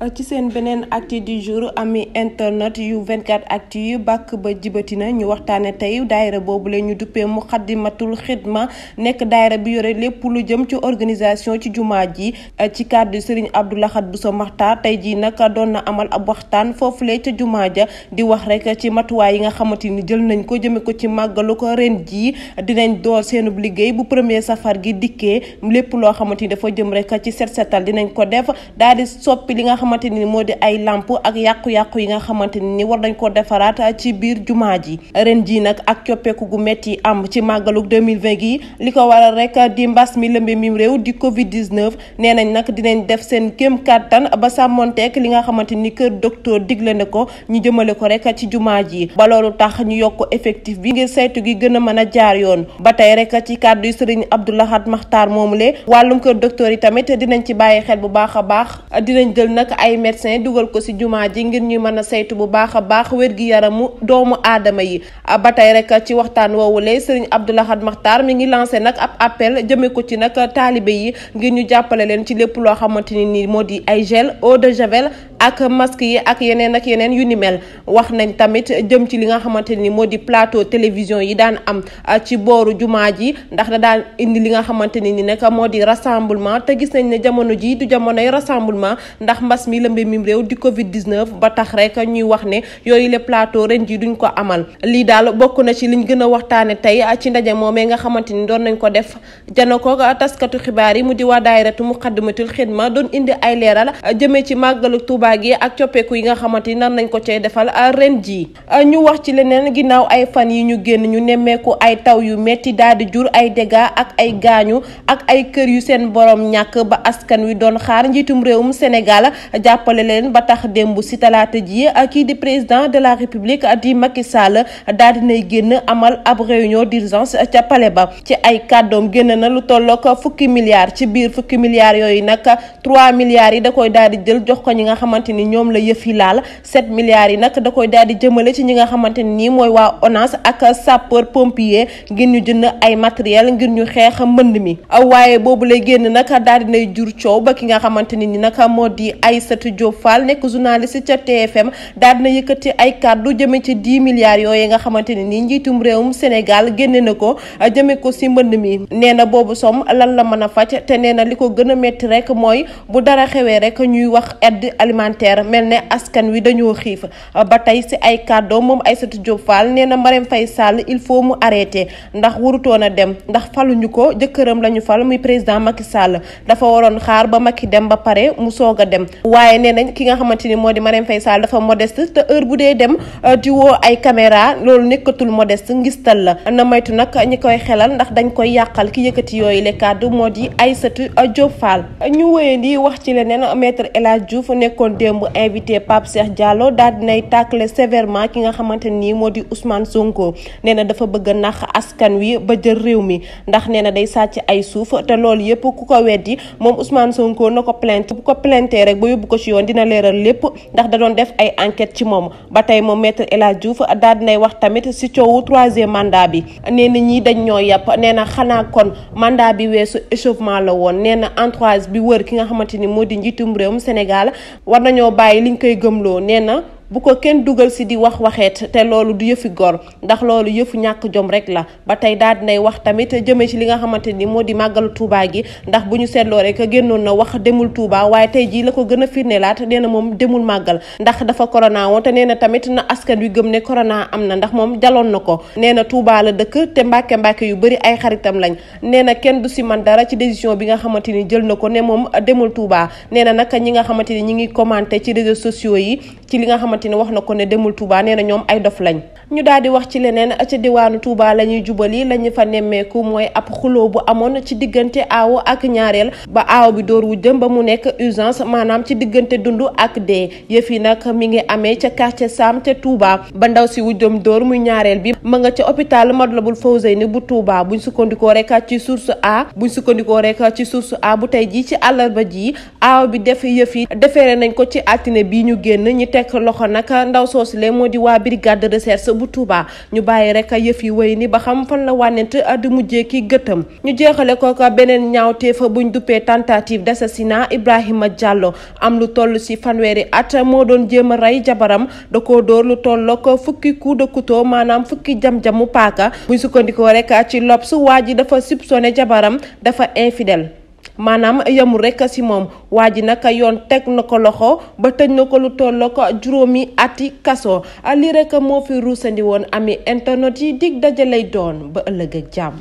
Euh, ci seen beneen actu du jour ami internet yu 24 actu yu bàkk ba jibati jibatina ñu waxtaane tey daayira boobu la ñu duppee mu Muxaddamatul Xidma nekk daayira bi yore lépp lu jëm ci organisation ci jumaa ji euh, ci kàddu Serigne Abdou bu sa Makhtar tey jii nag doon na amal ab waxtaan foofu foofulee ca jumaa ja di wax rek ci matuwaay yi nga xamante ni jël nañ ko jëme ko ci màggalu ko ren jii dinañ door seenub liggéey bu premier safar gi dikkee lépp loo xamante ni dafa jëm rek ci set setal dinañ ko def xamante ni moo di ay lamp ak yàqu-yàqu yi nga xamante ni war nañ koo defaraat ci biir jumaa ji ren jii nag ak coppeeku gu metti am ci màggalug 2020 gi li ko waral rek di mbas mi lëmbe mim réew di Covid 19 nee nañ nag dinañ def seen kéem kàttan ba sàmmonteek li nga xamante ni kër docteur digle na ko ñu jëmale ko rek ci jumaa ji ba loolu tax ñu yokk effectif bi ngir saytu gi gën a mën a jaar yoon ba tey rek ci kàddu yi sëriñ Abdoulahat Maxtaar moomule wàllum kër docteur yi tamit a baax dinañ ay médecin dugal ko ci jumaa ji ngir ñu mën a saytu bu baax a baax wér-gi-yaramu doomu aadama yi ba tey rek ci waxtaan woowu woowule sëriñ Abdou Lahad Makhtar mi ngi lancé nag ab appel jëmee ko ci nag taalibe yi ngir ñu jàppale leen ci lépp loo xamante ni nii moo di ay gel eau de javel ak masque yi ak yeneen ak yeneen yu ni mel wax nañ tamit jëm ci li nga xamante ni moo di plateau télévision yi daan am ci booru jumaa ji ndax da daan indi li nga xamante ni nii nag moo di rassemblement te gis nañ ne jamono ji du jamonoy rassemblement ndax mi lëmbe mim réew di Covid 19 ba tax rek ñuy wax ne yooyu la plateau ren ji duñ ko amal lii daal bokk na ci liñ gën a waxtaane tey ci ndaje moomee nga xamante ni doon nañ ko def jano ko taskatu xibaar yi mu di waa daayiratu muqaddamatul xidma doon indi ay leeral jëmee ci màggalu Tuubaa ak coppeeku yi nga xamante ni nar nañ ko cay defal ren jii ñu wax ci leneen ginnaaw ay fan yi ñu génn ñu nemmeeku ay taw yu metti daal di jur ay dégâts ak ay gaañu ak ay kër yu seen boroom ñàkk ba askan wi doon xaar njiitum réew mu Sénégal jàppale leen ba tax démb si talaata ji ah, kii di président de la république ah, di Macky Sall ah, daal dinay génn amal ab réunion d'urgence ca palais ba ci ay kàddoom génn na lu tollook fukki milliards ci biir fukki milliards yooyu nag trois milliards yi da koy daal di jël jox ko ñi nga xamante ni ñoom la yëf yi laal sept milliards yi nag da koy daal di jëmale ci ñi nga xamante nii mooy waa ONAS ak sapeur pompier ngir ñu jënd ay matériel ngir ñu xeex mbënd mi waaye Aïssatou Diop Fall nekk journaliste ca TFM daal na yëkkati ay kàddu jëme ci 10 milliards yooyu nga xamante ne nii njiitum réewum Sénégal génne na ko jëme ko si mbënn mi nee na boobu som lan la mën a faj te nee na li ko gën a métti rek mooy bu dara xewee rek ñuy wax aide alimentaire mel ne askan wi dañoo xiif ba tey si ay kàddoo moom ay Diop Fall nee na Marème Faye Sall il faut mu arrêté ndax warutoon a dem ndax faluñu ko jëkkëram lañu fal muy président Macky Sall dafa waroon xaar ba Macky dem ba pare mu soog a dem waaye nee ki nga xamante ni moo di Marème Faye Sall dafa modeste te heure bu dee dem euh, di woo ay caméra loolu nekkatul modeste ngistal la na moytu nag ñi koy xelal ndax dañ koy yàqal ki yëkkati yooyu le kàddu moo di ay Aïssatou Diop Fall ñu wéyandi wax ci leneen maître El Hadj Diouf nekkoon démb invité Pape Cheikh Diallo daal dinay tàkkale sévèrement ki nga xamante nii moo di usmaan Sonko nee na dafa bëgg nax askan wi ba jël réew mi ndax nee na day sàcc ay suuf te loolu yëpp ko weddi moom yóbbu ko ci yoon dina leeral lépp ndax da doon def ay enquête ci moom ba tey moom maître El Hadj Diouf daal dinay wax tamit ci coowu troisier mandat bi nee na ñii dañ ñoo yàpp nee na xanaa kon mandat bi weesu échauffement la woon nee na entourage bi wër ki nga xamante ni moo di njiitum réewum Sénégal war nañoo bàyyi liñ koy gëmloo nee na bu ko kenn dugal si di wax waxeet te loolu du yëfi gor ndax loolu yëfu ñàkk jom rek la ba tey daal dinay wax tamit jëme ci li nga xamante ni moo di màggalu Touba gi ndax bu ñu seetloo rek génnoon na wax demul Touba waaye tey jii la ko gën a firndeelaat nee na moom demul màggal ndax dafa corona nee na tamit askan wi gëm ne corona am na ndax moom jaloon na ko nee na Touba la dëkk te mbàkke mbàkke yu bëri ay xaritam lañ nee na kenn du si man dara ci décision bi nga xamante ni jël na ko ne moom demul Touba nee na nag ñi nga xamante ni ñi ngi commenté ci réseaux sociaux yi ci li nga xamante xamante ni wax na ko ne demul Touba nee na ñoom ay dof lañ ñu daal di wax ci leneen ci diwaanu Touba lañuy ñuy jubali la ñu fa nemmeeku mooy ab xuloo bu amoon ci diggante aaw ak ñaareel ba aaw bi door wu jëm ba mu nekk urgence maanaam ci diggante dund ak dee yëf yi nag mi ngi amee ca quartier Sam ca Touba ba ndaw si wu jëm door muy ñaareel bi ma nga ca hôpital Matlaboul Fawzeyni bu Touba buñ sukkandikoo rek ci source A buñ sukkandikoo rek ci source A bu tey jii ci àllarba jii aaw bi def yëf yi defeere nañ ko ci altine bii ñu génn ñi teg loxo nag ndaw soosile moo di waa brigade de recherche bu Touba ñu bàyyi rek yëf yi wéy ni ba xam fan la wànnent ah, di mujjee ki gëtëm ñu jeexale ko beneen beneen ñaawteef buñ duppee tentative d'assassinat Ibrahima jàlloo am lu toll ci fanweeri at moo doon jéem a rey jabaram da koo dóor lu toll ko fukki coup de maanaam fukki jam-jamu paaka buy sukkandikoo rek ci L'Obs waa ji dafa soupçonné jabaram dafa infidèle maanaam yemul rek si moom waa ji nag yoon teg na ko loxo ba tëj na ko lu tolloo ko juróomi ati kaso lii rek moo fi ruusandi woon ami internet yi dig dajale doon ba ëllëg ak jàmm.